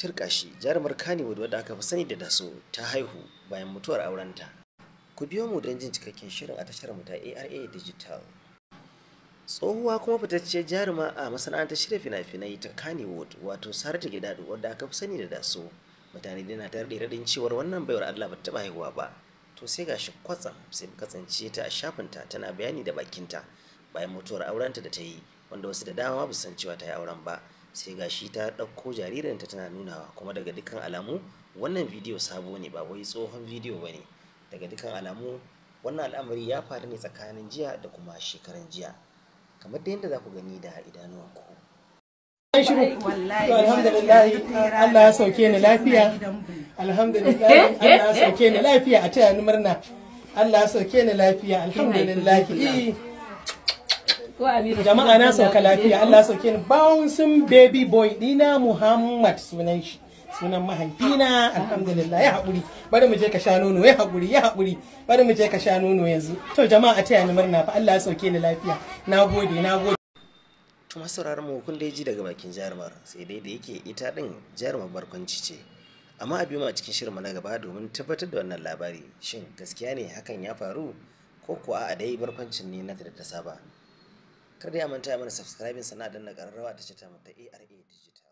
turkashi jarumar murkani wadda aka fi sani da daso ta haihu bayan mutuwar aurenta ku biyo mu don jin cikakken shirin a tashar mu ta ara digital tsohuwa kuma fitacciyar jaruma a masana'antar shirya fina-finai ta kanewood wato sarata gidado wadda aka fi sani da daso mutane na ta radin cewar wannan baiwar allah ba taɓa haihuwa ba to sai ga shi kwatsam sai kasance ta a shafin ta tana bayani da bakinta bayan mutuwar aurenta da ta yi wanda wasu da dama ba san cewa ta yi auren ba sai gashi ta ɗauko jaririnta tana nunawa kuma daga dukkan alamu wannan bidiyo sabo ne ba wai tsohon bidiyo ba ne daga dukkan alamu wannan al'amari ya faru ne tsakanin jiya da kuma shekaran jiya kamar da yadda za ku gani da idanuwanku shiru alhamdulillah Allah ya sauke ni lafiya alhamdulillah Allah ya sauke ni lafiya a taya ni murna Allah ya sauke ni lafiya alhamdulillah jama'a na sauka lafiya Allah sauke ni bouncing baby boy dina Muhammad sunan shi sunan mahaifina alhamdulillah ya haƙuri bari mu je ka sha nono ya haƙuri ya haƙuri bari mu je ka sha nono yanzu to jama'a ta ni murna fa Allah ya sauke ni lafiya nagode nagode to masauraran mu kun dai ji daga bakin jarumar sai dai da yake ita din jarumar barkwanci ce amma a biyu a cikin shirin mu na gaba domin tabbatar da wannan labari shin gaskiya ne hakan ya faru ko kuwa a dai barkwancin ne na da ta saba kar da ya manta mana subscribing sannan danna ƙararrawa ta ce ta mata ARA digital